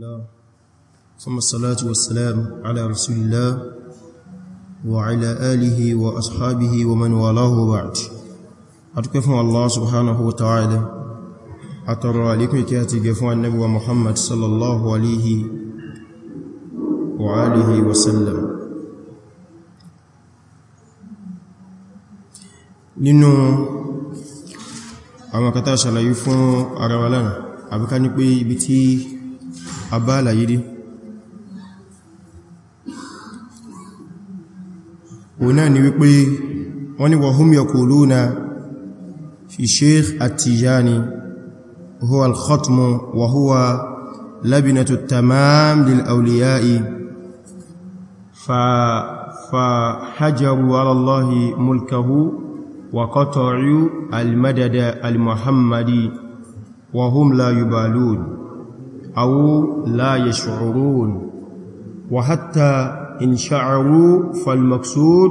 الله ثم الصلاة والسلام على رسول الله وعلى آله وأصحابه ومن والاه بعد أتكفوا الله سبحانه وتعالى أترى لكم كاتب فوى النبي محمد صلى الله عليه وآله وسلم nínú àwọn kàtà ṣàlàyé fún ara wa lánàá àbíká ní pé ibi tí abala yìí ọ̀nà ni wípé wọ́n ni wa hum yaquluna fi sheikh atijani huwa al-khatm wa huwa labinatu tamam lil awliya fa fa hajaru ala allah mulkahu wa qata'u al-madada al-muhammadi wa hum la yubalun أو لا يشعرون وحتى إن شعروا فالمقصود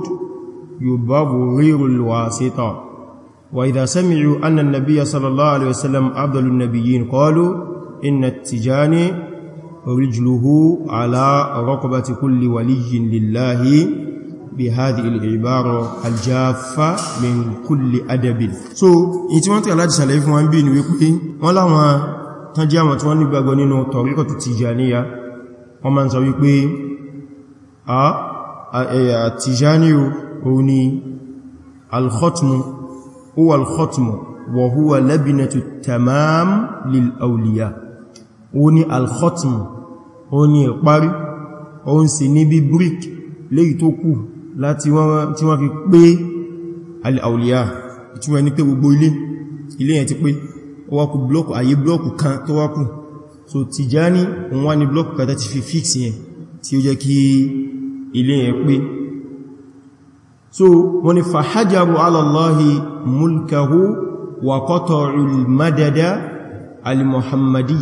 يبغير الواسطة وإذا سمعوا أن النبي صلى الله عليه وسلم أفضل النبيين قالوا إن التجاني رجله على رقبة كل ولي لله بهذه العبارة الجافة من كل أدب so in ti wọ́n tí aláàjì sàlẹ̀ fún wọn bí ní wípé wọ́n láwọn kan jẹ́ àwọn tí wọ́n nígbàgbọ́ nínú tọ̀ríkọ̀tù Tìjàníyà wọ́n máa ń sọ wípé a e, Tìjàníyà òun ni al-khotmu huwa al-khotmu wa huwa labinatu tamam lil awliya òun ni al-khotmu òun ni ìparí òun sì ní bí brick léyìí tó kù láti wọ́n fi pé al-awliya ìtúwẹ́ ní pé gbogbo ilé ilé yẹn ti pé wá kú blọ́kù ayé blọ́kù kan tó wá kù so Tijani wọ́n ní blọ́kù kan tí fi fix yẹn tí ó jẹ́ kí ilé yẹn pé so wọ́n ní fahajaru ala Allahi mulkahu wa qata'u al-madada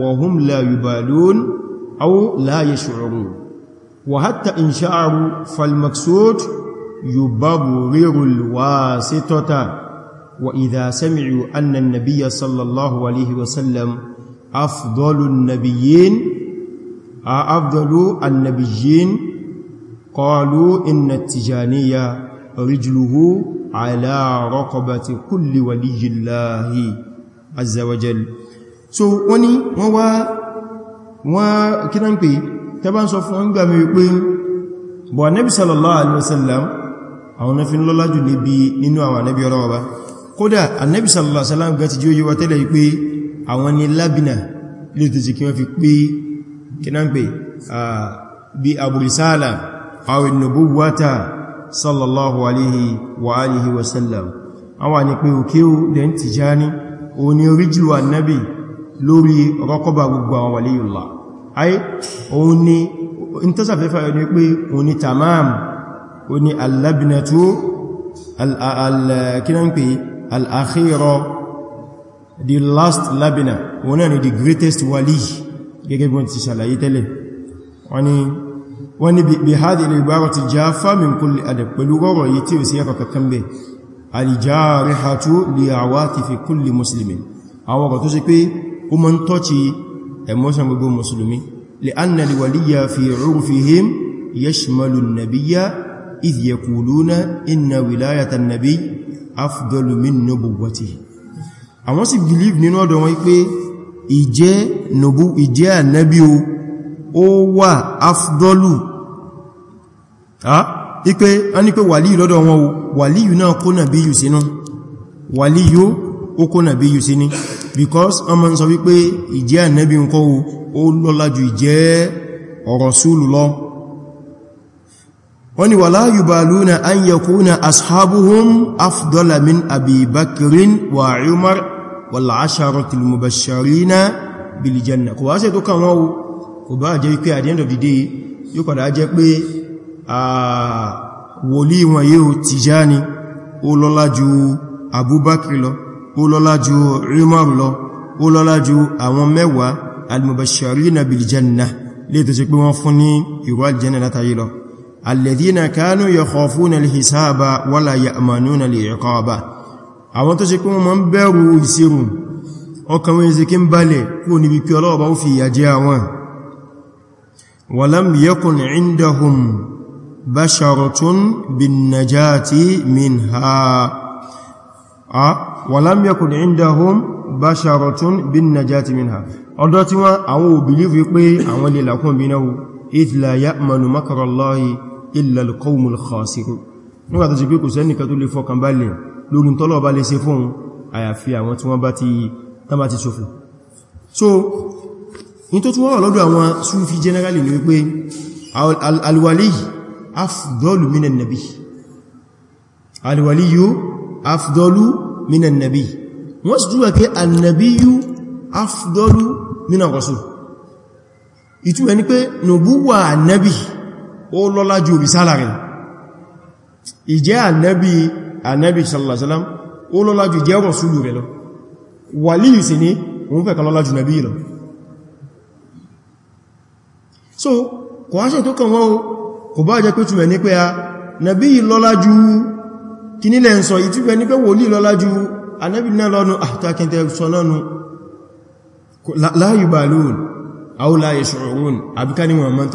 wa hum la yubalun aw la yash'urun wa hatta in sha'aru fal yubabu rirul wasitata وَإِذَا سَمِعُوا أَنَّ النَّبِيَّ صَلَّى اللَّهُ عليه وسلم أفضل النبيين أفضل النبيين قالوا إن التجانية رجله على رقبة كل ولي الله عز وجل so wọ́n ni wọ́n wá wọ́n kí náà ń pè tẹ́bá ń sọ fún ọgbà mi pé bọ̀ nẹ́bí sallallahu alaihi wasallam àwọn náà fi ń lọ́lájù nínú àwọn nẹ́bí ọlọ́wọ́ bá kódà annabi sallallahu alaihi wasallam gati jíoyí wa tẹ́lẹ̀ pé àwọn ni lábìnà lè tẹ̀sí kí wọ́n fi pé kí náà pé bí abúrísàlá àwọn nubuwata sallallahu alaihi wa alihi wasallam àwọn ni pé òkè o dẹ̀ ń tìjáni o ni oríjìlú annabi lórí rọ́kọ́bà gbogbo àwọn waliyullah ai òun ni intẹ́sàfẹ́fà ẹni pé òun tamam òun ni allabinatu al-kínáà ń al the last labina wọn ni the greatest wali gẹ́gẹ́ bí wọ́n ti ṣàlàyé tẹ́lẹ̀ wọ́n ni bí hádì ilẹ̀ ìgbára ti já fámin kulli adab pẹ̀lú rọrọ̀ yìí tí ó sí ẹkọ̀ kankan bẹ̀ al-jarihatu li awatifi kulli muslimin àwọn ọ̀rọ̀ tó ṣe pé ó mọ́ ń tọ́ci emotion gbogbo musulmi li anna li waliya fi urfihim yashmalu an-nabiyya idh yaquluna inna wilayata an afdalu min nubuwwatihi àwọn sì believe nínú ọ̀dọ̀ wọn pé ìjẹ́ nobu ìjẹ́ ànábì o ó wà afdalu ha ipe an ni pé wali lọ́dọ̀ wọn o wali yu náà kó nàbí yù sínú wali yó ó kó nàbí yù sí ni because ọmọ ń sọ wípé ìjẹ́ ànábì ń kọ́ o ó lọ́lá ju ìjẹ́ rasulu lọ wọ́n wà láyù bá lúnà an yà kúnà ashabuhun afdọ́lamin abibakirin wa umar wàlá aṣarotul mubasharina bilijanna kò wá sí tó kàwọn o kò bá jẹ́ pé at the end yóò padà jẹ́ pé a wòlí wọn yóò Tijani ó lọ́lá ju abubakir lọ ó lọ́lá ju umar lọ ó lọ́lá ju àwọn mẹ́wàá almubasharina bilijanna lè tó ṣe pé wọ́n fún ní ìwà aljanna látayé lọ alladhina kanu yakhafuna alhisaba wala ya'manuna al'iqaba àwọn tó ṣe pé wọ́n ń bẹ̀rù ìṣirò ọkàn wọn ṣe kí ń balẹ̀ kó níbi pé Ọlọ́run bá ó fi ìyà jẹ àwọn walam yakun indahum basharatun bin najati minha a walam yakun indahum basharatun bí náà idh la ya'manu illa al-qawmul khasirun nígbà tó ti pé kò sẹ́nìkan tó lè fọkàn balẹ̀ lórí tọ́lọ̀ bá lè ṣe fún àyàfi àwọn tí wọ́n bá ti tàbá ti ṣòfò so in tó tún wọ́n lọ́dọ̀ àwọn Sufi generally ni wípé al-waliyyu afdalu minan nabi al-waliyyu afdalu minan nabi wọ́n sì túwẹ̀ pé al nabi ó lọ́lá ju risala rẹ̀ ìjẹ́ ànábì ànábì sallallahu alaihi wasallam ó lọ́lá ju ìjẹ́ rasulu rẹ̀ lọ wàlíyù sí ní òun fẹ́ kan lọ́lá ju nàbí lọ so kò á ṣe tó kàn wọ́n kò bá jẹ́ pé túnmẹ̀ ní pé a nàbí lọ́lá ju kí nílẹ̀ ń ní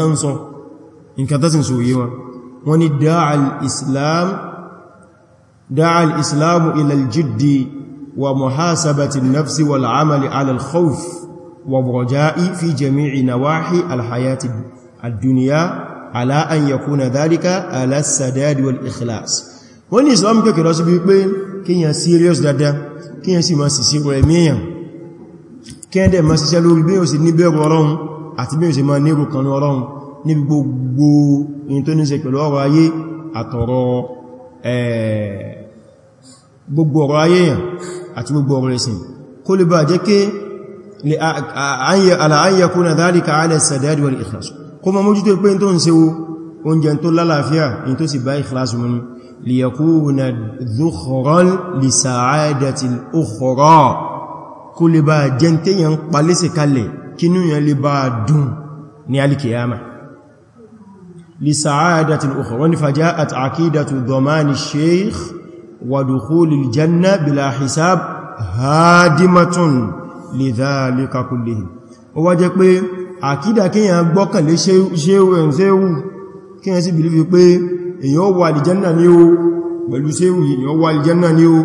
pé nǹkan tó sì ń so yí wọn wọ́n ni dáa al'islamu ilaljiddi wa muhasabati nafsi wal amali alalkhawf wa raja'i fi jami'i nawahi alhayati ad-dunya ala an yakuna dhalika ala sadad wal ikhlas wọ́n ni islam kẹ́kẹ̀rọ sí bí pé kíyàn serious dada kíyàn sí ma sì sí rẹ̀ mẹ́yàn kíyàn dẹ̀ ma lórí bí yóò sì ní bẹ̀rù àti bí yóò sì ma nírù kan ọlọ́run níbi gbogbo in tó ní ṣe pẹ̀lú ọrọ̀ ayé àtọ̀rọ̀ gbogbo ọrọ̀ ayé yàn àti gbogbo ọrọ̀ ẹ̀sìn kó lè bá jẹ́ ké aláyẹ̀kú na dhalika ala sadad wal ikhlas kó ma mójútó pé tó ń sewo oúnjẹ tó lálàáfíà in tó sì bá ikhlas mú lè bá dùn ní alìkìyàmà لسعادة أخرى فجاءت عقيدة ضمان الشيخ ودخول الجنة بلا حساب هادمة لذلك كله ó jẹ́ pé àkídà kéèyàn gbọ́kànlé ṣéwù ẹ̀rùn ṣéwù kéèyàn sì bìlífì pé èyàn wà àlìjẹ́nà ní o pẹ̀lú ṣéwù èyàn wà àlìjẹ́nà ní o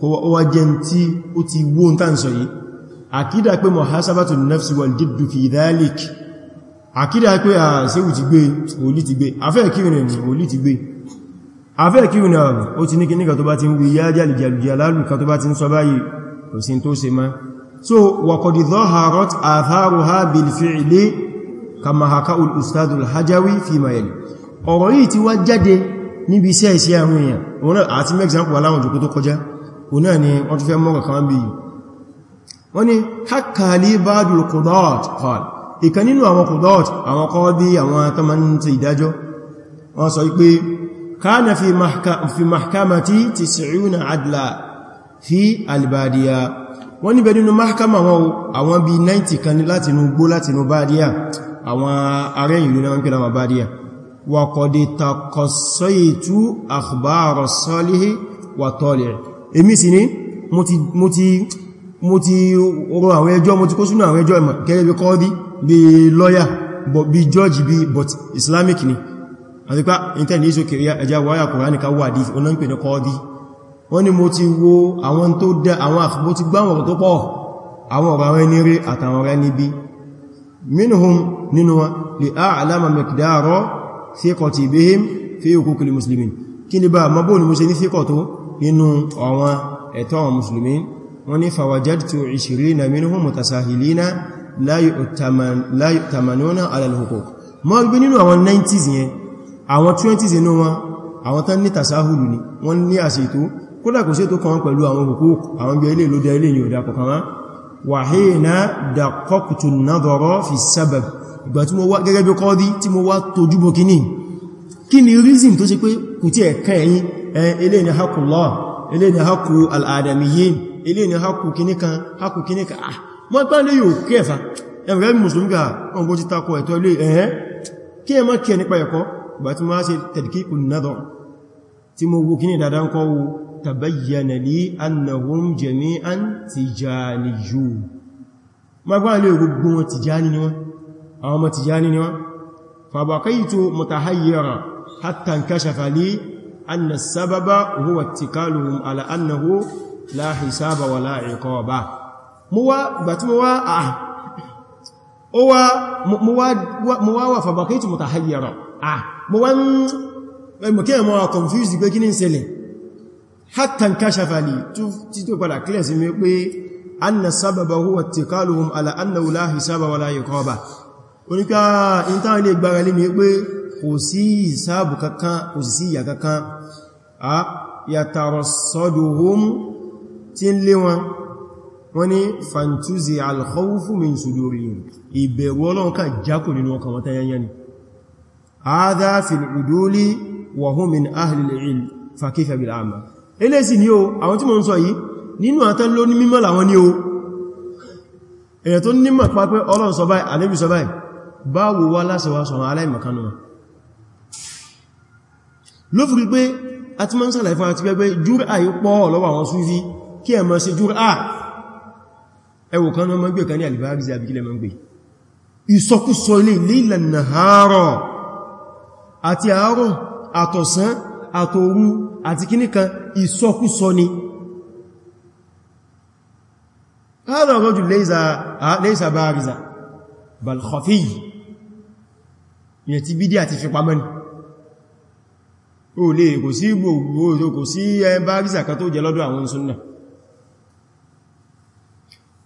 kò wá jẹ́ tí ó ti wó ń tàn sọ yìí àkídà pé muhasabatu nafsi wal jiddu fi dhalik àkídà pé à síwù ti gbé olí ti gbé afẹ́ kírin olí ti gbé afẹ́ kírin ààrùn ó ti ní kí nígbà tó bá ti ń wí yá jàlìjàlìjà lálùkà tó bá ti ń sọ báyìí kò sí tó ṣe má so wakọ̀dì zọ́harot àtharuha bilfi'li kama haka al-ustad al-hajawi fi mayel ọ̀rọ̀ yìí ti wá jáde níbi iṣẹ́ iṣẹ́ àwọn èèyàn òun náà ìkan nínú àwọn kùdọ́t àwọn kọ́ọ́dí àwọn atamanti ìdájọ́ wọ́n sọ pé kana fi mahkamati tis'una adla fi albadiya wọ́n níbẹ̀ nínú mahkama wọn àwọn bí 90 kan látinú gbó látinú badiya àwọn ará ìlú náà ń pè láwọn badiya wa qad taqassaytu akhbara salihi wa tali èmi sì ni mo ti mo àwọn ẹjọ́ mo ti kó sínú àwọn ẹjọ́ ìmọ̀ gẹ́gẹ́ bí kọ́ọ́dí bí lawyer but bí judge bí but islamic ni àti pá intanet ní ìsókè ẹja wáyà kòránì ká wà dí ọ̀nà ń pè ní kọ́ọ̀dí wọ́n ni mo ti wo àwọn tó dá àwọn àfibó ti gbáwọn ọ̀rọ̀ tó pọ̀ àwọn ọ̀rọ̀ ẹni rí àtàwọn ọ̀rọ̀ ẹni bí minhum nínú ni bá tó nínú àwọn ẹ̀tọ́ àwọn muslimin wọ́n la yu'tamanuna ala al-huquq mọ́ gbé nínú àwọn 90s yẹn àwọn 20s inú wọn àwọn tán ní tasahulu ni wọ́n ní àṣètò kódà kò ṣètò kan pẹ̀lú àwọn huquq àwọn gbé ilé ló ilé yìí ò dá kọ̀kan wọn wàhíná fi sabab ìgbà tí mo wá gẹ́gẹ́ bí kọ́dí tí mo wá tójú bọ̀ kí ni reason tó ṣe ilé ni haqqullah ilé ni haqqu al-adamiyyin ah wọ́n pẹ́ lè yóò kí ẹ̀fà ẹ̀rẹ́ mùsùlùmí gà ọgbọ́n ti takọ ẹ̀tọ́ ilé ẹ̀ẹ́ kí ẹ mọ́ kí ẹ nípa ẹ̀kọ́ ìgbà tí máa ṣe tẹ̀dìkíkù nadọ̀ tí mo wo kíní dáadáa ń kọ́ wo tabayyana li annahum jami'an tijaniyyu ma gbá lè gbogbo wọn tijani ni wọn àwọn ọmọ tijani ni la hisaba wa la iqaba mo wá ìgbà tí mo wá àà ó wá mo wá wà fabricate mutahayyara à mo wá ń mọ̀kí ẹ̀mọ́ confused pé kí ní ṣẹlẹ̀ hatan kashafa li tí tó padà clear sí mi pé anna sababa huwa tikaluhum ala anna la hisaba wala iqaba oníká ìntá ilé gbára lé wọ́n ní fàntúzi alkhawfu min sudurihim ìbẹ̀rù ọlọ́run ká jákò nínú ọkàn wọ́n tayanya ni hadha fil uduli wa hum min ahli al-ilm fa kayfa bil a'ma elesi ni o àwọn tí mo ń sọ yìí nínú atan lo ni làwọn ni o èyàn tó nímọ̀ pa ọlọ́run sọ báyìí kí ẹ mọ́ sí jùrà ẹwò kan ní ọmọ gbé kan ní alìbárízi àbíkílẹ̀ mọ́ gbé ìsọkúsọ ilé lílẹ̀ nàárọ̀ àti àárọ̀ àtọ̀sán àtòru àti kíníkan ìsọkúsọ ni هذا الرجل ليس ليس بارزا بل خفي yẹ̀tí bídí àti fipamọ́ ni ó lè kò sí gbogbo kò sí ẹ eh, kan tó jẹ lọ́dọ̀ àwọn súnnà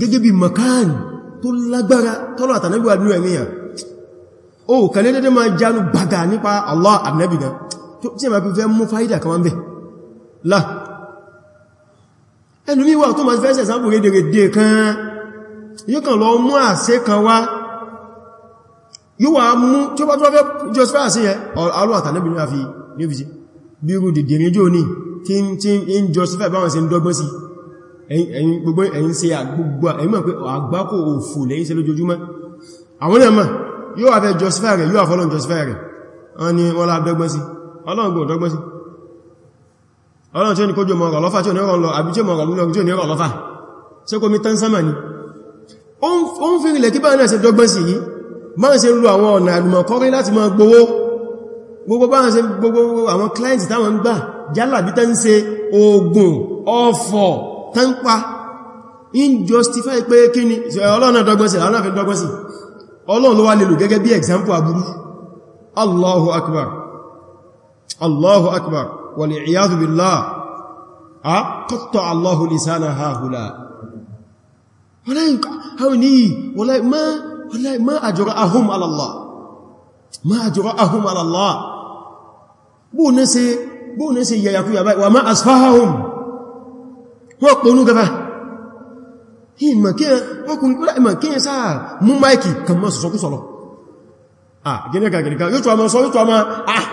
gẹ́gẹ́ bí makan tó lágbára tọ́lọ̀ àtànẹ́bí wà nínú ẹ̀mìyàn o kàlẹ́ dédé máa jánu bàgà nípa Allah ànẹ́bì gan tí ma fi fẹ́ mú fáídà kan bẹ̀ lá ẹlùmí wà tó ma fẹ́ sẹ̀sánpù rédèrèdè kan yóò kàn lọ mú àṣẹ kan wá yóò wà mú tí ó bá tó fẹ́ jọ sí àṣẹ yẹn Allah àtànẹ́bì ní àfi ní òfìsí bí irú fẹ́ báwọn sí ń dọ́gbọ́n ẹ̀yin gbogbo ẹ̀yin ṣe àgbogbo ẹ̀yin mọ̀ pé àgbákò òfò lẹ́yìn ṣe lójoojúmọ́ àwọn náà mọ̀ yóò wà fẹ́ justify rẹ̀ yóò wà fọ́lọ́n justify rẹ̀ wọ́n ni wọ́n lá dọ́gbọ́n sí ọlọ́run gbọ́n dọ́gbọ́n sí ọlọ́run tí ó ní kójò mọ̀rọ̀ lọ́fà tí ó ní rọ̀ lọ àbí tí ọ̀fọ̀ tánpá in justify pé kí ni ọlọ́run dọgbọ́sí àwọn àfẹ́ dọgbọ́sí ọlọ́run ló wá lè lò gẹ́gẹ́ bí example aburú allahu akbar allahu akbar wal iyadhu billah a qatta allahu lisana haula ma ajra'ahum ala allah ma ajra'ahum ala allah bóò ní ṣe yẹ̀yàkú yàbá wa ma asfahahum wọ́n pọ̀ olúgaba ìmọ̀ sáà mú máìkì kan mọ́ sọ̀sọ̀kú sọ̀lọ̀ ah gẹ́gẹ́gà gẹ́gẹ́gà yóò tó a mọ́ sọ yóò tó a mọ́ ah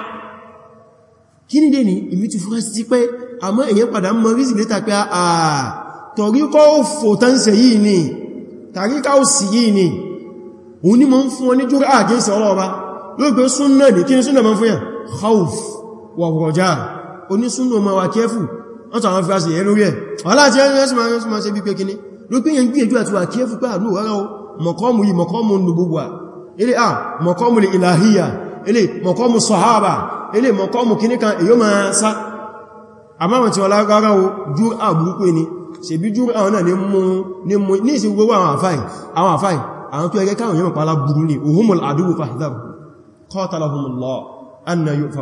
kí ní dé ní ìmí ti fúra sí pé àmọ́ èyàn padà mọ́ rísì létà pé àà tọ̀ríkọ́ òfò tánṣẹ̀ yìí ni tàríkà ò sí yìí ni òun ní mọ́ ń fún wọn ní jùrà àgẹ́sẹ̀ ọlọ́ọba lóògbé súnnà ní kí ní súnnà mọ́ fún yà khawf wọ́n tàwọn fíwá sí ẹ̀ lórí ẹ̀ aláti ẹ́sìmọ̀ sí bí pé kíní ló pín yẹn gbíyànjú àti wà kí é fúgbà ní òwárá o mọ̀kọ́mù yìí mọ̀kọ́mù nùbúwà ilé à mọ̀kọ́mù ìlàhíyà ilé mọ̀kọ́mù sọ̀hábà ilé mọ̀kọ́mù kíní kan èyó ma sá àmáwọn tí wọ́n lágbára o júrà burúkú ni ṣe bí júrà náà ní mú ní ìsìn gbogbo àwọn àfáì àwọn àfáì àwọn tó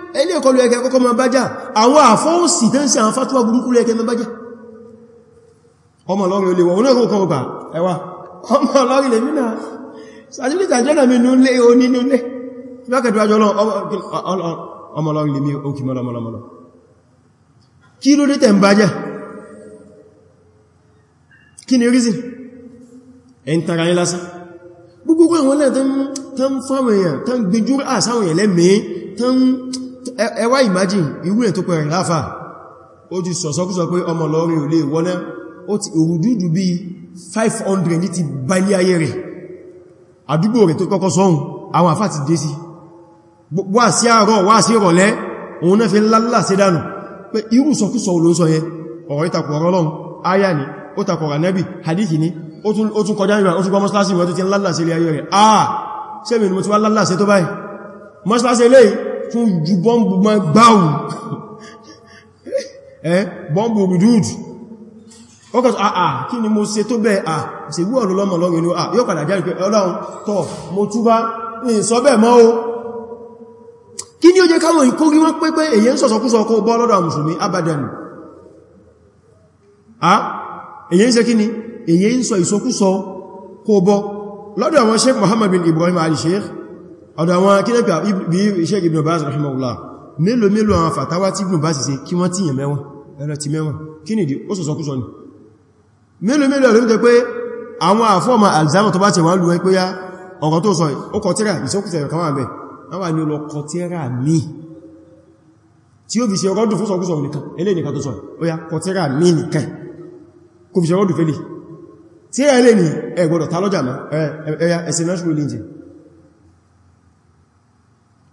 ẹni ẹ̀kọ́ lẹ́ẹ̀kẹ́ kọ́kọ́ ma bájá àwọn àfọ́ọ̀sì tẹ́ ń sí àwọn fàtíwà burúkú lẹ́ẹ̀kẹ́ ma bájá ọmọ lọ́rin olè wọ́n náà kọ́kọ́ ọkà ẹwà ọmọ lọ́rin lè mínà sàtílítà jọ́nà mi núlé oní núlé lákẹ̀dùwájọ́ ọmọ lọ́rin lè mí òkì mọ́lọ́mọ́lọ́ kí ló dé tẹ́ ń bájá kí ni reason ẹ̀ ń tara yí lásán gbogbo àwọn náà tán fáwọn èèyàn tán gbejúrà sáwọn èèyàn lẹ́mìí tán ẹ wá imagine irú ẹ̀ tó pẹ̀rẹ̀ láfà ó ti sọ̀sọ́kúsọ pé ọmọ lọ́rin ò lè wọ́ná ó ti òrùdúdù bí 500 ní ti balẹ̀ ayé rẹ̀ àdúgbò rẹ̀ tó kọ́kọ́ sọ́hun àwọn àfà ti dé sí wá sí àárọ̀ wá sí ìrọ̀lẹ́ òun náà fi lálà sí dànù pé irú sọkúsọ olóòsọ yẹn ọ̀rọ̀ ìtakọ̀ ọ̀rọ̀ lọ́run áyà ni ó takọ̀ rà nẹ́bì hadith ni ó tún kọjá ìrìn ó tún gbọ́ mọ́sílásí ìwọ̀n tó ti lálà sí ilé ayé rẹ̀ ah ṣe mi ni mo ti wá lálà sí tó báyìí mọ́sílásí eléyìí tó ju bọ́m̀bù ma gbáwù ẹ́ bọ́m̀bù rùdúd ó kà àà kí ni mo ṣe tó bẹ́ à ah, ṣe wú ọ̀rọ̀ lọ́mọ̀ lọ́rin à ah, yóò kàdà jẹ́ ìpẹ́ ọlọ́run tọ́ mo túbá ní sọ bẹ́ẹ̀ mọ́ o kí ni ó jẹ́ káwọn ìkórí wọ́n pé pé èyẹ ń sọ̀sọ̀kúsọ ọkọ̀ bọ́ lọ́dọ̀ àmùsùnmí abadan à ah, èyẹ ń ṣe kí ni èyẹ ń sọ ìsọkúsọ kó bọ́ lọ́dọ̀ àwọn sheikh Muhammad bin Ibrahim al-Sheikh ọ̀dọ̀ àwọn kílẹ̀pẹ̀ bí iṣẹ́ Ibn Baz rahimahullah mélòó mélòó àwọn fàtàwà tí Ibn Baz ṣe kí wọ́n tí yẹn mẹ́wọ́n ẹ̀rọ ti mẹ́wọ́n kí nìdí ó sọ̀sọ̀ kú sọ ni mélòó mélòó lórí pé àwọn àfọ́ọ̀mà alzheimer tó bá ti wà lú pé ya ọ̀rọ̀ tó sọ ó kọtíra ìṣókùsẹ̀ kan wà bẹ̀ àwọn ni lọ kọtíra mi tí ó fi ṣe ọgọ́dù fún sọkúsọ nìkan eléyìí nìkan tó sọ ó ya kọtíra mi nìkan kò fi ṣe ọgọ́dù fẹ́lẹ̀ tí ẹ̀lẹ́ ni ẹgbọ́dọ̀ tálọ́jà mọ́ ẹ̀yà ẹ̀sẹ̀ national religion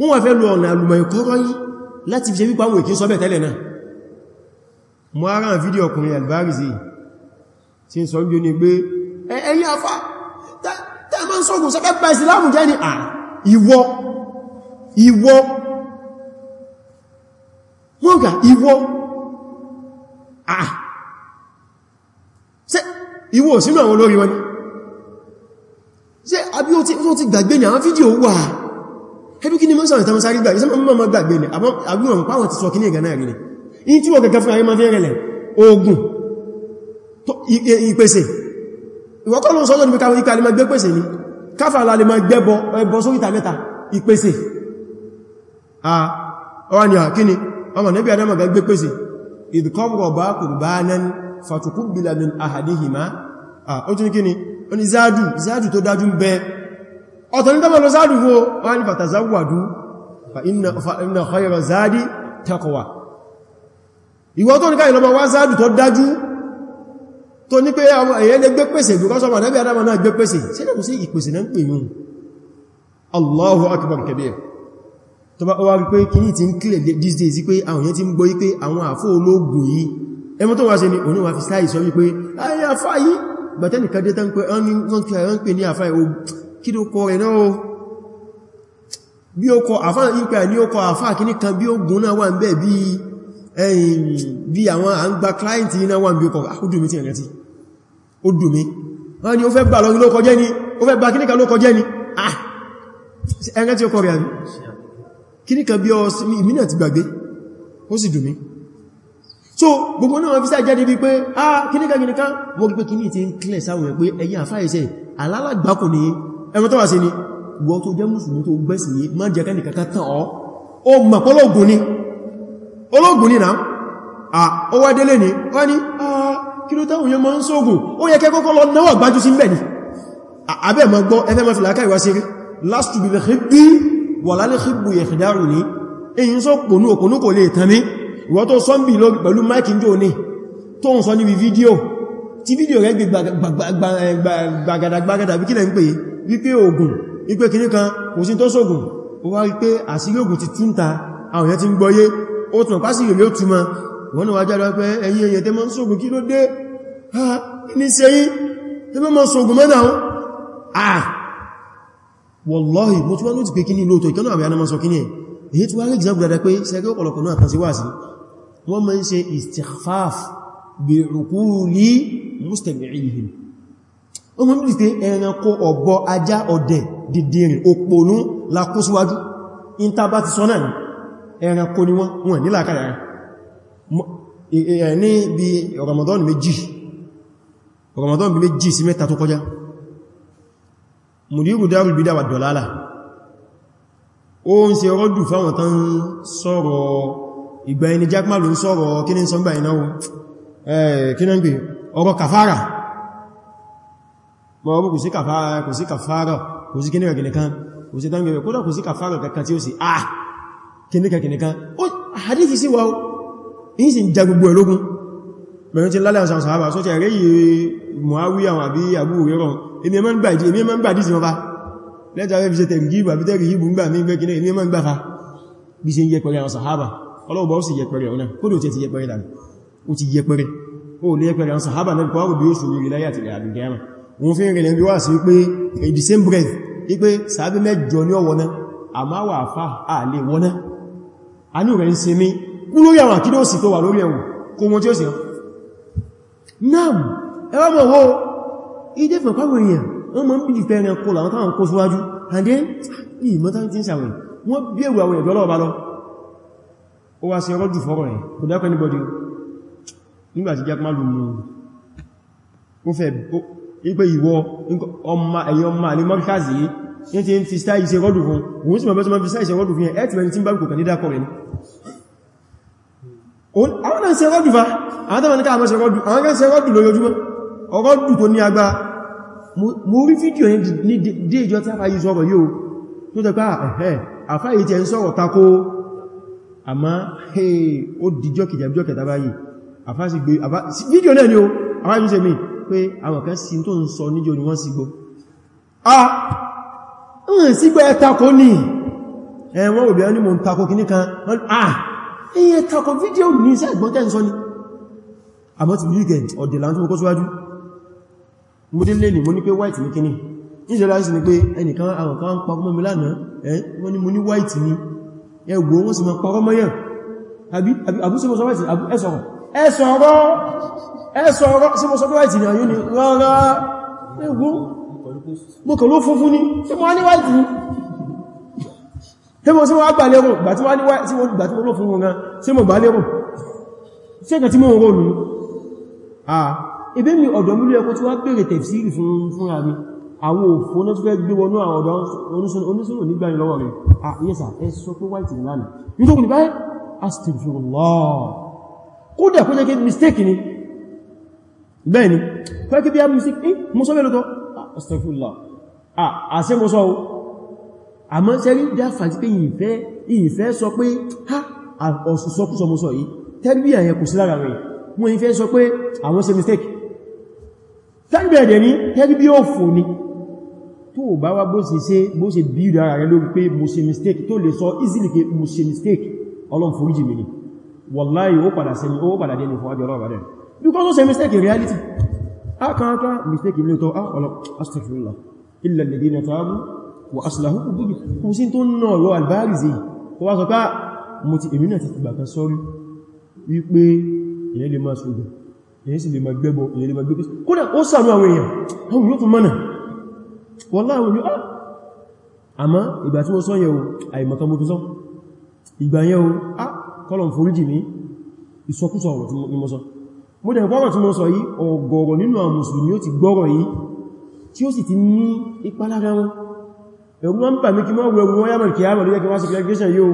wọ́n wá fẹ́ lo ọ̀nà àlùmọ̀ ìkọ́rọ̀ yìí láti fi ṣe wípá wò kí sọ́bẹ̀ tẹ́lẹ̀ náà mọ́ ara fídíò ọkùnrin albarizi tí ń sọ ń bí ó ní pé ẹ̀yí afá tẹ́mọ́ sọ́gùn sọ́fẹ́ bá ìsìlámù jẹ́ ni à ìwọ ìwọ mọ́gà ìwọ à ṣe ìwọ sínú àwọn olórí wọn ni ṣe àbí ó ti gbàgbé ní àwọn fídíò wà ẹbí kí ni mọ́ sọ̀rọ̀ tamọ́ sáré gbà ìsẹ́mọ́ mọ́ gbàgbé ní àgbìmọ̀ pàwọn ti sọ kí ní ẹ̀gà náà rí ní in tí wọ́n gẹ̀gẹ́ fún ayé máa fi rẹ̀lẹ̀ ogun ìpèsè ìwọ́kọ́lọ́ sọ́jọ́ níbi káwọn ikà lè máa gbé pèsè ní káfàlà lè máa gbẹ́bọ ẹbọ sóríta mẹ́ta ìpèsè ọwá ni àkíní ọmọ nẹ́bí adama ga gbé pèsè ìdíkọ́wọ̀ bá ọ̀tọ̀ ní tọ́bọ̀ lọ sáàdù fún wọ́n ni fàtàzáwàdú fa'inna khayra zadi taqwa ìwọ tó ní káyìí lọ ma wá sáàdù tó dájú tó ní pé ẹ̀yẹ́ lè gbé pèsè bí kọ́sọ́mà náà bí adama náà gbé pèsè sí ẹ̀kùn sí ìpèsè náà pè yún Allahu akbar kabir tó bá wá rí pé kí ní ti ń kílẹ̀ these days pé àwọn yẹn kí ló kọ rẹ̀ náà o bí ó kọ àfá ìpẹ́ ní ó kọ àfá kìíní kan bí ó gùn náà wà ń bẹ́ bí ẹ̀yìn bí àwọn àǹgbà client náà wà ń bí ó kọ ó tí ẹ̀rẹ́ tí ó dùn wọ́n ni ó fẹ́ gbà lọ ló kọjẹ́ ni ni ah ẹ̀rẹ́ tí ó kọ rẹ̀ àbí kìíní kan bí ọ ìmínà ti so gbogbo náà fi sáà jáde ah kìíní kan kìíní kan wọ́n gbé kìíní ti ń clear sáwọn ẹ̀ ẹmọ tó wà sí ni wọ́n tó jẹ́ mùsùlùmí tó gbẹ́sì ní má jẹ́ kẹ́ nìkankan tán ọ́ ó mọ̀ pọ́lọ́gùn ni ológun ni náà à ó wá délé ní wá ní kí ló táwọn yẹn máa ń sóògùn ó yẹ kẹ́ lọ náwọ̀ gbájú ni abẹ́ mọ́ gbọ́ ẹfẹ́ mọ́ fìlàkà ìwá sí rí last to be the hibbi wà lálẹ́ hibbu yẹ̀ ṣìdárù ní èyí sọ pònú òkúnú kò lè tàn mí bí pẹ̀lú mike njó ní tó ń sọ níbi fídíò tí fídíò rẹ̀ gbàgàdàgbàgàdà bí wípé ogun ikpe kìní kan kò sí tó sógun ó wá wípé àsírí ogun ti túnta àwọn èèyàn ti ń gbọ́yé ó tún pàṣí rèmí ó túnmọ́ wọ́n ni wá jáde pé ẹ̀yin èèyàn tẹ́ mọ́ sógun kí ló dé ha ní ṣe yí tẹ́ mọ́ sógun ah wallahi mo tún wá ló ti pé kíní na ìkẹ́nà àmì anamọ́sọ ọmọ mílì pé ẹranko ọ̀bọ ajá ọ̀dẹ̀ dìdìrì òpònú lakún síwájú ìntàbá ti sọ náà ẹranko ni wọ́n wọ́n nílàkàrà ní bí Ramadan méjì Ramadan méjì sí mẹ́ta tó kọjá mùdírù dárùl bídà wà dọ̀lálà ó ń ṣe rọ́dù fáwọn tán sọ̀rọ̀ ìgbà ẹni jákmà ló ń sọ̀rọ̀ kí ọ̀rọ̀ kàfàrà mọ̀ ọbú kò sí kàfàárà kò sí kàfàárà kò sí kíníkà kìnìkan kò sí dáńgbẹ̀rẹ̀ kódà kò sí kàfàárà kankan tí ó sì ah kíníkà kìnìkan ó hadithi sí wa yìí sì ń ja gbogbo ẹ̀lógún mẹ́rin tí lálẹ́ àwọn sàhábà sọ́tí ẹ̀rẹ́ yìí Muawiya àwọn àbí Abu Hurairah èmi ẹmọ́ ń gbà ìdí èmi ẹmọ́ ń gbà dìsí wọn fa lẹ́ta rẹ̀ fi ṣe tẹ̀rì gíbù àbí tẹ̀rì gíbù ń gbà mí gbẹ́ kìnnà èmi ẹmọ́ ń gbà fa bí ṣe ń yẹpẹrẹ àwọn sàhábà ọlọ́ọ̀bọ̀ ó sì yẹpẹrẹ ọ̀nà kódò tí ó ti wọ́n fi ń rìnlẹ̀ bí wà sí pé in the same breath wípé sàábí mẹ́jọ ní ọwọ́ná àmáwà àfá àlè wọ́ná a ní rẹ̀ ń se mí kú lórí àwọn àkídọ́sì tó wà lórí ẹ̀wọ̀n kó wọn tí ó sì rán náà ẹwà mọ̀ wọ́ ìdẹ́ fẹ̀kọ́wọ̀ èèyàn wọ́n mọ́ ń bí ìfẹ́ ẹran kó làwọn táwọn kó síwájú and then ìmọ́ta ti ń sàwẹ̀ wọ́n bí ẹ̀rù àwọn ẹ̀dọ́ lọ́ọ̀bá lọ ó wá sí ọrọ́jù fọ́rọ̀ ẹ̀ kò dákọ̀ anybody nígbàtí jack malu mú ó fẹ́ wípé ìwọ ẹ̀yọ ọmọ alẹ́ mọ́ríkàzì yìí tí ń fi stáì ṣe rọ́dù fún wọ́n sì mọ̀bẹ́ tó mọ́ fi stáì ṣe rọ́dù fún ẹ̀ tí mẹ́rin tí ń bá kò kànídà kọ̀ rẹ̀ ní àwọn náà ṣe rọ́dù fa àwọn tàbí ká àmọ́ṣe rọ́dù àwọn ká ṣe rọ́dù lójoojúmọ́ rọ́dù tó ní agbá mo rí fídíò ní dé ìjọ tí a fàyí sọ̀rọ̀ yóò tó tẹ́ pá ah, ẹ̀hẹ́ àfáyí tẹ́ ń sọ̀rọ̀ takó àmá ó dìjọ́ kìjàbíjọ́ kẹta báyìí àfáyí sí fídíò náà ni ó àfáyí sí mi pé àwọn kan sí tó ń sọ níjò ni wọ́n sì gbọ́ ah ń sí pé ẹ̀tàkó ní ẹ̀wọ́n òbí ẹni mọ̀ ń takò kì níkan ah ẹ̀yẹ takò fídíò ní iṣẹ́ ìgbọ́n tẹ́ ń sọ ní àmọ́ ti bílì gẹ̀ẹ́ ọ̀dẹ̀ láńtí mo kó síwájú mo dé lè ní mo ní pé white ní kíní ìṣẹ́lá sí ni pé ẹnìkan àwọn kan ń pàkọ́ mọ́ mi lánàá ẹ́ wọ́n ni mo ní white ẹ̀sọ ọ̀rọ̀ sí mo sọ pé white ni àyí ni rárá egun mo kàn ló funfun ní tí mo wá ní white ní tí mo sí mo wá gbà lérùn gbà tí mo ló funfun gan sí mo gbà lérùn sí ẹ̀kà tí mo rọ̀ nù àà ibé mi ọ̀dọ̀ mílú ẹkùn tí wá bèèrè tẹ̀fsìrì fúnra mi àwọn òfò náà tó fẹ́ gbé wọnú àwọn ọ̀dọ̀ oníṣòro nígbà ìlọ́wọ́ rẹ̀ ah yes sir ẹ sọ pé white ní lánàá yóò tó kùn ní báyìí astagfirullah kódà kó jẹ́ kí mistake ni bẹ́ẹ̀ni pẹ́kí bí a mú sí ní mọ́sọ́ mẹ́lú tọ́ ah, astagfirullah ah, àṣẹ mọ́sọ́ o a mọ́ sẹ́rí dáfà ti pé ìfẹ́ sọ pé ha ọ̀sọ̀sọ́kúsọ mọ́sọ́ yìí tẹ́rìbí àyẹ kò sí lára rẹ̀ wọ́n ìfẹ́ sọ pé àwọn ṣe mistake tẹ́rìbí ẹ̀dẹ̀ ní tẹ́rìbí òfò ni tó bá wá bó ṣe ṣe bó ṣe bí ìdára rẹ̀ lórí pé mo ṣe mistake tó lè sọ easily pé mo ṣe mistake ọlọ́run foríjì mi ni wallahi ó padà sẹ́ni ó padà dẹni fún àjọ ọlọ́run because ó ṣe mistake in reality akọ́ọ̀kọ́ mistake ní ọ̀tọ́ ọ̀lọ́ astaghfirullah illa alladhina tabu wa aslahu gbogbo kún sí tó nà ọ̀rọ̀ albarizi ó wá sọ pé ah, mo ti èmì náà ti gbà kan sọ́rí wípé èyàn lè máa ṣogun èyàn sì lè máa gbẹ́bọ èyàn lè máa gbẹ́bọ kódà ó sàánú àwọn mo dẹ̀ gbọ́rọ̀ tí mo sọ yìí ọ̀gọ̀rọ̀ nínú àwọn mùsùlùmí ó ti gbọ́rọ̀ yìí tí ó sì ti ní ipa lára wọn ẹ̀rù wọn ń bà mí kí mọ́ wẹ̀rù wọn yàmọ̀ kí yàmọ̀ lóyẹ́ kí wọ́n sí fẹ́gbẹ́sàn yóò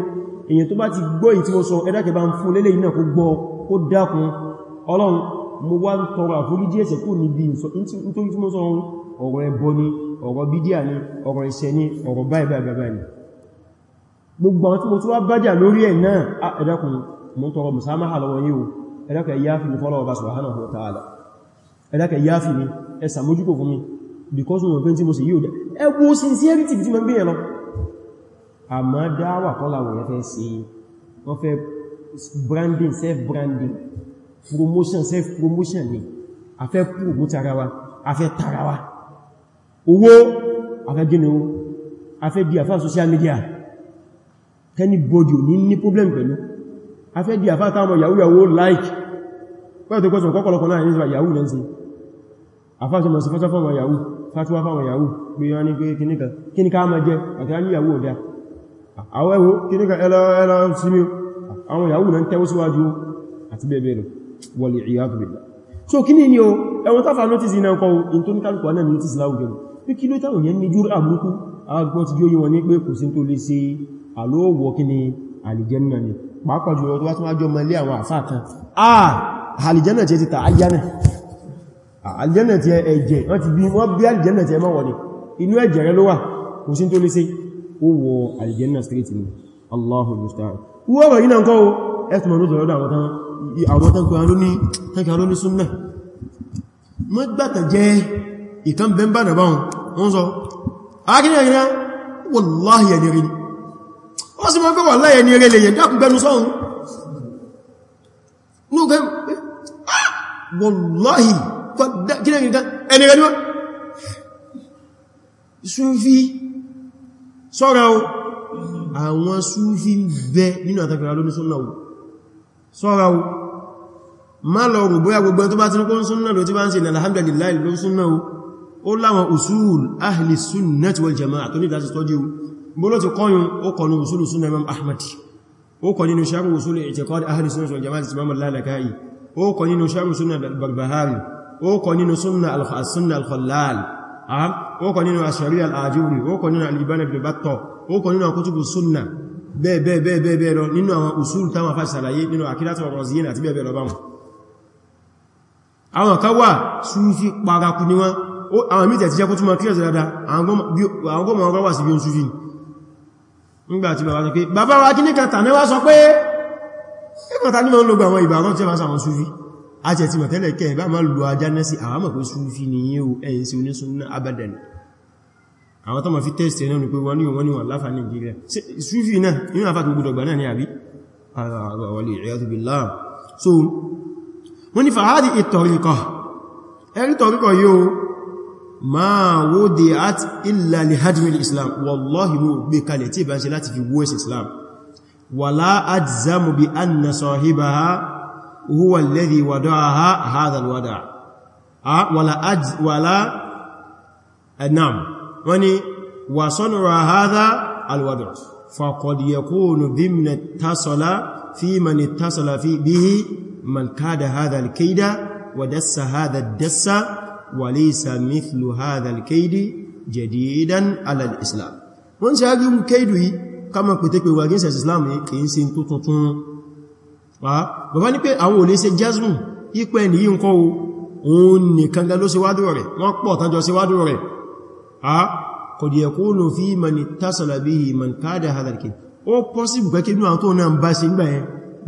èyàn tó bá ti gbọ́ èyí ni ọ̀rọ̀ bídíà ni ọ̀rọ̀ ìṣẹ́ ni ọ̀rọ̀ ni gbogbo àwọn tí mo tún wá bájà lórí ẹ̀ náà ẹ̀dákun mo ẹ̀dáka yáfi mi fọ́lọ́wọ́ bá subhanahu wa ta'ala ẹ̀dáka yáfi mi ẹ ṣàmójúkò fún mi because mo pẹ́ tí mo sì yíò dá ẹgbó sincerity tí ma ń gbéyàn lọ àmá dáwà kọ́lá wọ̀nyẹ fẹ́ sí wọ́n fẹ́ branding self branding promotion self promotion ni a fẹ́ promote ara a fẹ́ tara owó a fẹ́ gẹ́nà owó di àfáà social media anybody ò ní ní problem pẹ̀lú afẹ́ di àfá táwọn yahoo yahoo like pẹ́ tó kọ́sùn kọ́kọ́lọ́kọ́ náà nígbà yahoo lẹ́ sí àfá tó mọ̀ sí fọ́tọ́ fáwọn yahoo fátíwá fáwọn yahoo pé yọ́ ní pé kíníkà máa jẹ àti á ní yahoo ọ̀dá àwọn ẹwọ́ kíníkà ẹlọ́ sími àwọn yahoo náà tẹ́wọ́ síwájú àti bẹ́ẹ̀ lọ wọlé so kí ni o ẹwọ́n tàfà notice iná ọkọ̀ in tó ní kálùkù náà notice láwùjọ pé kí ló táwọn yẹn ní jùrù àbúkú agbọ́n ti jó yí wọn ní ni pàápàá jùlọ tó wá tún wájọ́ mọ́lé àwọn àfáà kan ah alìjẹ́nà tí ẹ ti ta ayyánà alìjẹ́nà tí ẹ ẹ̀jẹ̀ wọ́n ti bí wọ́n bí alìjẹ́nà tí ẹ mọ́ wọ̀dẹ̀ inú ẹ̀jẹ̀ rẹ ló wà kò sí tó lé sí ó wọ alìjẹ́nà street ni Allahu musta'an wọ́n wọ̀ yí na nǹkan o ẹ̀tùmọ̀ ló wọ́n sì mọ́ pé wà láyẹ̀ ní eré lèyẹ̀ dákùn gbẹnu sọ́run ní ọgbẹ́ wọ́láhì kílẹ̀kìdá ẹni rẹ̀ níwọ́n Súfí sọ́ra o àwọn Súfí bẹ nínú àtàkàrà lóní súnnà o sọ́ra o má lọ rò bóyá gbogbo tó bá ti nípò súnnà ló ti bá ń ṣe alhamdulillah ló súnnà o ó bọ́lọ́ ti kọ́yún ó kọ̀ ní usulu sunnah imam ahmad ó kọ̀ nínú sharh usul i'tiqad ahli sunnah wal jama'ah imam al-lalaka'i ó kọ̀ nínú sharh sunnah al-barbahari ó kọ̀ nínú sunnah al-sunnah al-khallal ó kọ̀ nínú ashari al-ajuri ó kọ̀ nínú al-ibana ibn batta ó kọ̀ nínú kutubu sunnah bẹ́ẹ̀ bẹ́ẹ̀ bẹ́ẹ̀ bẹ́ẹ̀ bẹ́ẹ̀ lọ nínú àwọn usul táwọn afá ṣàlàyé nínú àkídàtà ar-raziyin àti bẹ́ẹ̀ bẹ́ẹ̀ mítẹ̀ ti jẹ́ kó túnmọ̀ kílẹ̀ sí dáadáa àwọn gómọ̀ ọgọ́wà sí bí i súnfí ni nígbàtí bàbá sọ pé bàbá wa kí ní kan tàníwá sọ pé ẹgbọ̀ta ní ma ń lo gbàwọn ìbàrán tí a máa sàwọn súfí àti ẹ̀tí mọ̀tẹ́lẹ̀ kẹ́ ìbá máa lò ajánẹ́ sí àwámọ̀ pé súfí ni yí o ẹ̀yìn sí onísúnná abadan àwọn tó ma fi tẹ́sì náà ni pé wọ́n ní wọ́n ní wọ́n láfà Nàìjíríà súfí náà inú àfà tó gbọdọ̀gbà náà ni àbí wọ́n ní fàhádì ìtọ̀ríkọ̀ ẹ̀rí tọ̀ríkọ̀ yóò ma wudi'at illa li hajmi al-islam wallahi mo gbé kalẹ̀ tí bá ṣe láti fi wó ẹ̀sìn islam wala ajzamu bi anna sahibaha huwa alladhi wada'aha hadha al-wada' a wala aj wala eh, anam wani wa sanara hadha al-wada' faqad yakunu dhimna ittasala fi man ittasala fi bihi man kada hadha al wa dassa hadha ad-dassa وليس مثل هذا الكيد جديدا على الإسلام wọ́n ṣe ágbé mú kéèdù yìí ká mọ̀ pẹ̀tẹ́ pẹ̀wà gínsẹ̀ islam ní kìí ṣe tó tuntun bàbá ní pé àwọn olè ṣe jasmu ipẹ́ ní yí في من اتصل من كاد هذا الكيد ó possible pé kéèdù àwọn tó náà ń bá ṣe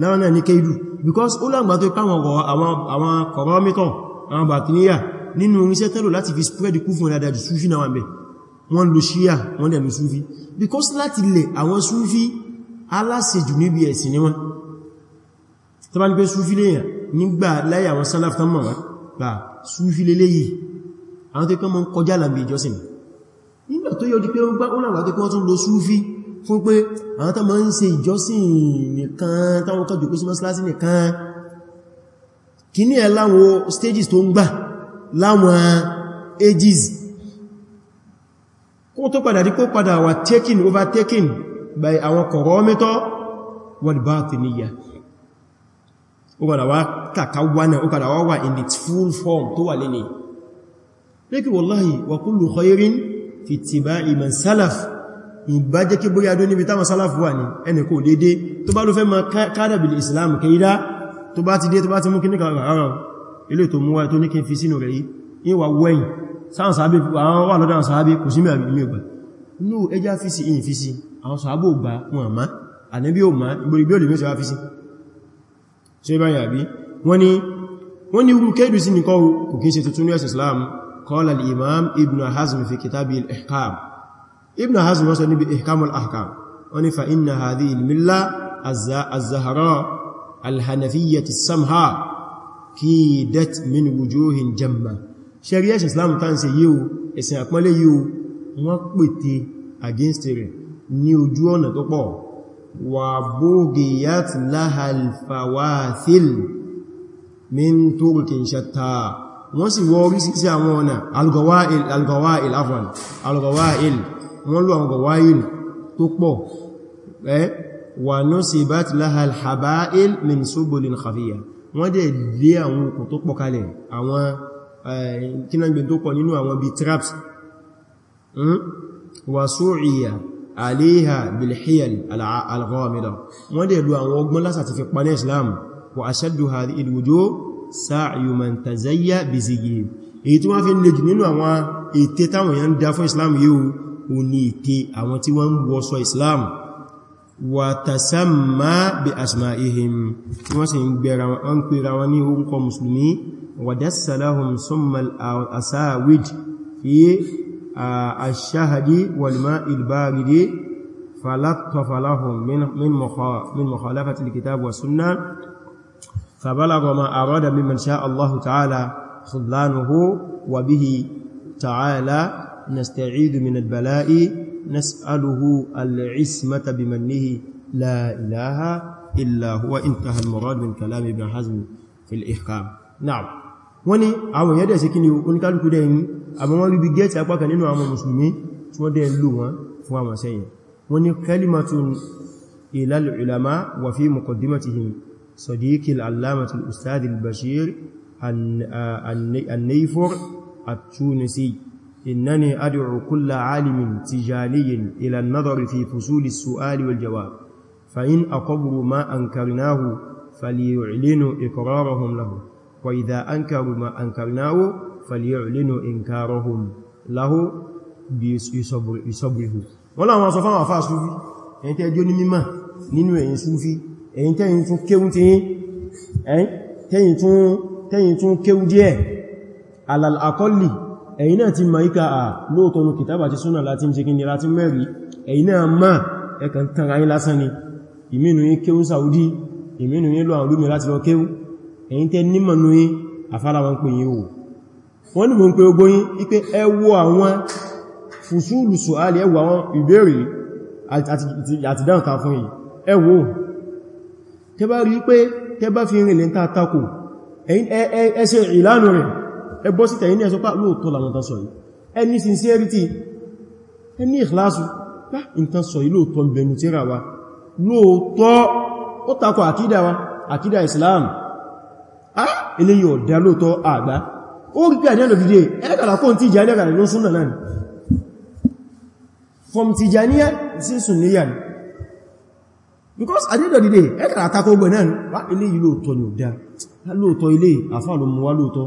láwọn náà ní kéèdù because ó lágbà tó pàwọn àwọn kọ̀rọ̀ mítọ̀ àwọn bàtíníyà nínú oríṣẹ́ tẹ́lò láti fi spread kúfùn dáadáa jù súfí náà wà mẹ́ wọ́n lo ṣíyà wọ́n dẹ̀ mú súfí because láti lè àwọn súfí aláṣejù níbi ẹ̀sìn ni wọ́n tó bá ní pé súfí léyàn nígbà láyé àwọn sálàf tán mọ̀ wọ́n gbà súfí léléyìí àwọn tó kọ́ mọ́ kọjá làbí ìjọsìn nígbà tó yọjú pé ó gbá ó làwà tó kọ́ tún lo súfí fún kí ní ẹ̀ stages tó ń gbà láwọn ages kó tó padà dípò padà wà taken overtaken by àwọn kọ̀rọ̀mítọ́ wal-batiniyya ó padà wá kàkà wánà ó padà wá wà in its full form tó wà lẹ́ni lẹ́kì wallahi wa kullu khairin fi ittiba'i man salaf ìbá jẹ́ kí bóyá dó níbi táwọn salaf wà ní ẹni kò dédé tó bá ló fẹ́ ma kádàbìlì islam kẹ́ ìdá tó bá ti dé tó bá ti mú kí ní kàrà ilé tó mú wá tó ní kí n fi sínú rẹ̀ yìí ìwà wẹ́yìn sáwọn sàábé àwọn wà lọ́dọ̀ àwọn sàábé kò sí mẹ́rin ìgbà ní ẹjá fi sí ìyìn fi sí àwọn sàábé ò bá wọn àmá ànẹ́bí ò má ìgbòrí bí ó lè mẹ́sẹ̀ wá fi sí ṣe bá yà bí wọ́n ni wọ́n kéèdù sí nìkọ́ kò kí ṣe tuntun ẹ̀sẹ̀ Islam hidat min wujuhin jamma ṣẹ́rí ẹ̀ṣẹ̀ islam tán ṣe yíò ẹ̀sìn àpọ́lẹ̀ yíò wọ́n pètè against rẹ̀ ní ojú ọ̀nà tó pọ̀ wà bóògìyàt láhàlfàwàthil min turkin shatta wọ́n sì wọ́ orí sí àwọn ọ̀nà algawa'il algawa'il afwan algawa'il wọ́n lò algawa'il wọ́n dẹ̀ lé àwọn okùn tó pọ̀ kalẹ̀ àwọn kínágbé tó pọ̀ nínú àwọn bí traps hmm? wà sóòrìyà àléhà bilhiyal alghamida wọ́n dẹ̀ lú àwọn ọgbọ́n lásà ti fi panẹ́ islam wà aṣẹ́dù hàrí ìlújó sáàyùmàn tàzẹ́yà bizigi èyí tí wọ́n fi lè islam yíò ò ní ète àwọn islam wàtàsánmà bí asma'ihim wọ́n sì ń pèrà wọn ní orúkọ musulmi wàdásàláhùn sọ́mọ̀l asáwid fi aṣáhadi wàlmá ìlbáàrídé falatọfalahùn min mọ̀kọ̀láfàtí kitabu wa sunna fàbálàgọ́ ma àrọ́dà min man sha Allahu ta'ala khudlanuhu wa bihi ta'ala nasta'idu min albala'i نسأله العصمة بمنه لا إله إلا هو انتهى المراد من كلام ابن حزم في الإحكام نعم wọ́n ni àwọn èèyàn dẹ̀ sí kí ni oníkálùkù dẹ̀ yìí àbọn wọ́n rí bí gẹ́ẹ̀tì apákan nínú àwọn mùsùlùmí tí wọ́n dẹ̀ lò wọ́n fún àwọn sẹ́yìn wọ́n ni kalimatun ilal ulama wà fí muqaddimatihim صديقي العلامة الأستاذ البشير النيفور التونسي إنني أدعو كل عالم تجاني إلى النظر في فصول السؤال والجواب فإن أقبروا ما أنكرناه فليعلنوا إقرارهم له وإذا أنكروا ما أنكرناه فليعلنوا إنكارهم له بيصبره wọ́n láwọn sọ fáwọn àfáà súfí ẹ̀yin tẹ́ jó ní mímọ̀ nínú ẹ̀yin súfí ẹ̀yin tẹ́yìn tún kéhùn tí ẹ̀yin tẹ́yìn tún kéhùn díẹ̀ alàlàkọ́lì ẹ̀yin náà ti ma ika ah, à lóòtọ́ ní kìtàbà ti súnà láti ń jẹ́gin ni láti mẹ́rí ẹ̀yin náà ma ẹkàn tàrà yí lásán ni ìmínú yí kéwú Saudi ìmínú yí lọ àwọn olúmi láti lọ kéwú ẹ̀yin tẹ́ nímọ̀nú yí afárawọn ni mo ń pe ogbó yí ipé ẹwọ àwọn fùsúlù sùálì ẹwọ àwọn ìbéèrè àti dáhùn ta fún yìí ẹwọ tẹ bá rí pé tẹ bá fi rìnlẹ̀ ń ta takò ẹ̀yin ẹgbọ́ sí tẹ̀yìn ní ẹ̀sọ́ pá ah, lóòtọ́ làwọn tán sọ yìí ẹni sincerity ẹni ìkìláṣù pá ah, ìntán sọ yìí lóòtọ́ bẹnu tíra wa lóòtọ́ ó takọ̀ àkídà wa àkídà Islam ah eléyìí ọ̀dá lóòtọ́ àgbá ó rí pé àdẹ́lò dìde ẹ̀ẹ́kàlà fún ti ìjà ẹ̀ẹ́kàlà ló súnà náà from Tijaniya sí Sunniya ni because àdẹ́lò dìde ẹ̀ẹ́kàlà takọ̀ ogbẹ̀ náà wá ah, eléyìí lóòtọ́ ni ọ̀dá lóòtọ́ ilé àfáà ló mú wá lóòtọ́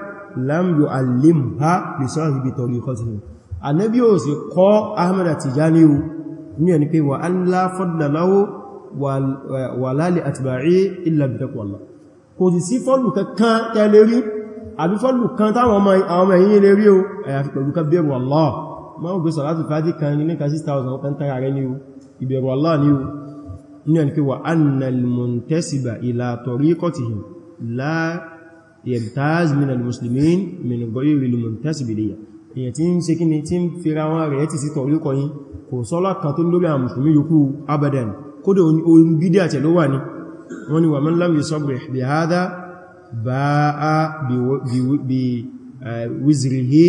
lam yu'allimha li sahibi tariqatihi ànábì ò sì kọ́ Ahmad Tijani o ní ẹni pé wa an la fadla lahu wa la li atba'i illa bi taqwallah kò sì sí fọ́lù kankan tẹ́lẹ̀ rí àbí fọ́lù kan táwọn ọmọ ẹ̀yìn lè rí o àyàfi pẹ̀lú ká bẹ̀rù Allah ma ń gbé sọ̀látù fàájì kan ní nǹkan 6,000 kan tàrà rẹ̀ ní o ìbẹ̀rù Allah ní yamtaz min al-muslimin min ghayri al-muntasib ilayya èyàn tí ń ṣe kíni tí ń fira wọn rẹ̀ ti sí tọ̀ríkọ yí kò sọ́lá kan tó lórí àwọn musulmi yòókù abadan kódò orin bídí àti ló wà ní wọ́n ni wa man lam yusabbih bi hadha ba'a bi wizrihi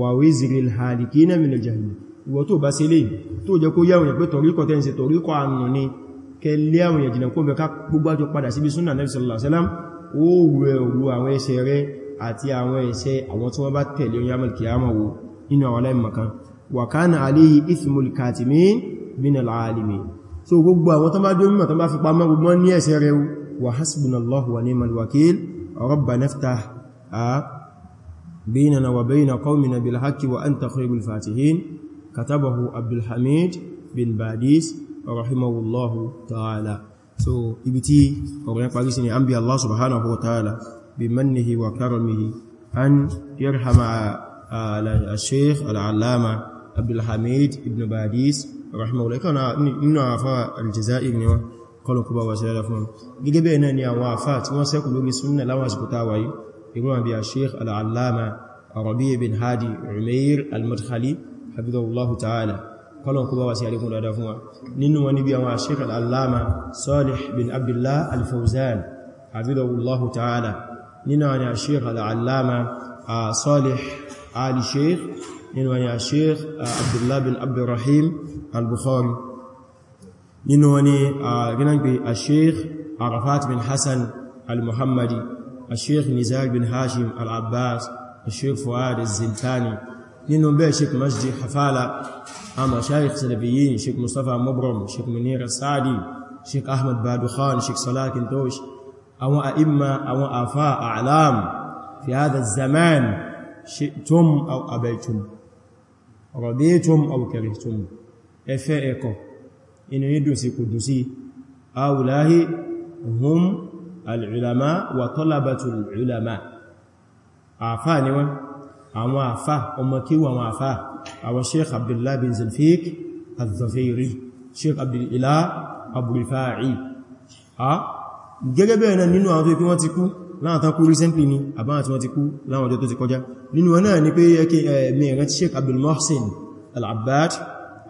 wa wizri al-halikina min al-jahil ìwọ tó bá sílé tó jẹ ó wẹ òwú àwọn ẹ̀ṣẹ̀ rẹ àti àwọn ẹ̀ṣẹ̀ àwọn tí wọ́n bá tẹ̀lé yamal kiyama wo inú àwọn aláìmọ̀kan wa kana alayhi ithmul katimin minal alimin so gbogbo àwọn tán bá dé mímọ̀ tán bá fi pamọ́ gbogbo ní ẹ̀ṣẹ̀ rẹ wa so ibi tí ọ̀rẹ́ parí sí ni an bí Allah subhanahu wa ta'ala bi mannihi wa karamihi an yarhama al-sheikh al-allama abdulhamid ibn badis rahimahullah kana nínú àfá aljazair ni wọ́n kọlọ̀ kúbà wa ṣẹlẹ̀ fún gẹ́gẹ́ bẹ́ẹ̀ náà ni àwọn àfá tí wọ́n sẹ́kù lórí súnnà láwọn àsìkòta wáyé kọlọ̀n kó bá wà sí àríkún dáadáa fún wa nínú wọn níbi àwọn Sheikh al-Allama Salih bin Abdullah al-Fawzan hafidhahullahu ta'ala nínú wọn Sheikh al-Allama Salih Ali Sheikh nínú wọn Sheikh Abdullah bin Abdurrahim al-Bukhari nínú wọn gínan pé Sheikh Arafat bin Hassan nínú bẹ́ẹ̀ sheik masjid hafala a mashayikh salafiyin sheik mustapha mubram sheik munir sadi sheik ahmad badukhan sheik salah kintosh àwọn àìmà àwọn àfá àlám fi hada zaman shi'tum aw abaitum raditum aw karihtum ẹfẹ́ ẹ̀kọ́ inú yí dùsí kù dùsí awùláhí hum al'ulama wa talabatul ulama àfá ni wọ́n àwọn àfá ọmọ kíwọ àwọn àfá àwọn sheikh abdullahi bin zulfiq al-zafiri sheikh abdullá abulfa'i a gẹ́gẹ́ bẹ́ẹ̀ náà nínú àwọn tó ikú wọ́n ti kú láwọn tán kú recently ni àbáwọn tí wọ́n ti kú láwọn ọjọ́ tó ti kọjá nínú wọn náà ni pé yẹ́kẹ́ mẹ́rin sheikh abdul muhsin al-abbad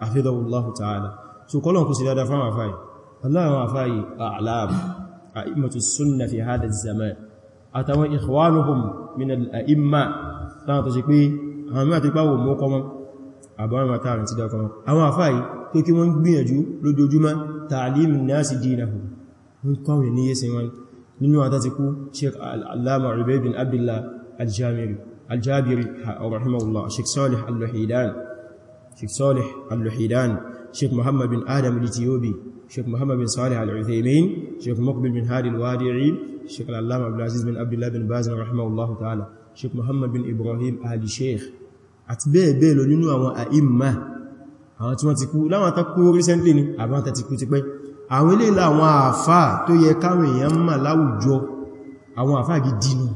afidahullahu ta'ala so kọlọ̀ kú sí dada min al-a'imma láwọn tó ṣe pé àwọn mẹ́wàá ti pàwò mọ́ kọmọ àbáwọn àtàrin ti dákọ àwọn àfáì tó kí wọ́n gbìyànjú lójoojúmọ́ tààlímù náà sì dínà hù wọ́n kọwẹ̀ ní yẹ́sẹ̀ wọn nínú àtà ti kú sheikh al'alama ubayd bin abdullah al sheikh muhammad bin ibrahim ali sheikh àti bẹ́ẹ̀ bẹ́ẹ̀ lọ nínú àwọn àìmà àwọn tí wọ́n ti kú láwọn àtakú recently ni àwọn àtàtí kú ti pẹ́ àwọn ilé ìlà àwọn àfà tó yẹ káwọn èèyàn mà láwùjọ àwọn àfà gidinu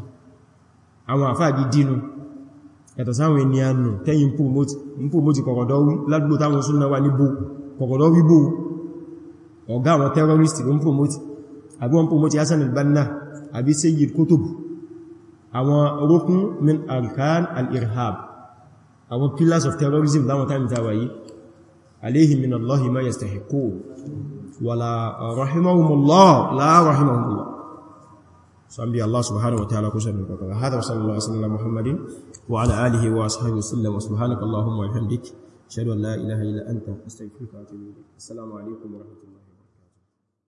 àwọn àfà gidinu yàtọ̀ sáwọn ènìyàn nù tẹ́yìn ń promote kọ̀kọ̀dọ́wí ládùgbò táwọn súnnà wà níbo kọ̀kọ̀dọ́wí bó ọ̀gá àwọn rukun min arkan al-irhab àwọn pillars of terrorism láwọn tàbí tàwà yìí aléhì min allahi ma yastahiqun wà láàrọ̀hìmáhùmùlọ́ láàrọ̀hìmáhùmùlọ́ sọ́nbí allah subhanahu wa ta'ala kó sọ́nà kọkàrà hada wa sallallahu alaihi wa sallam muhammadin wa ala alihi wa ashabihi wa sallam wa subhanaka allahumma wa bihamdik shadu an la ilaha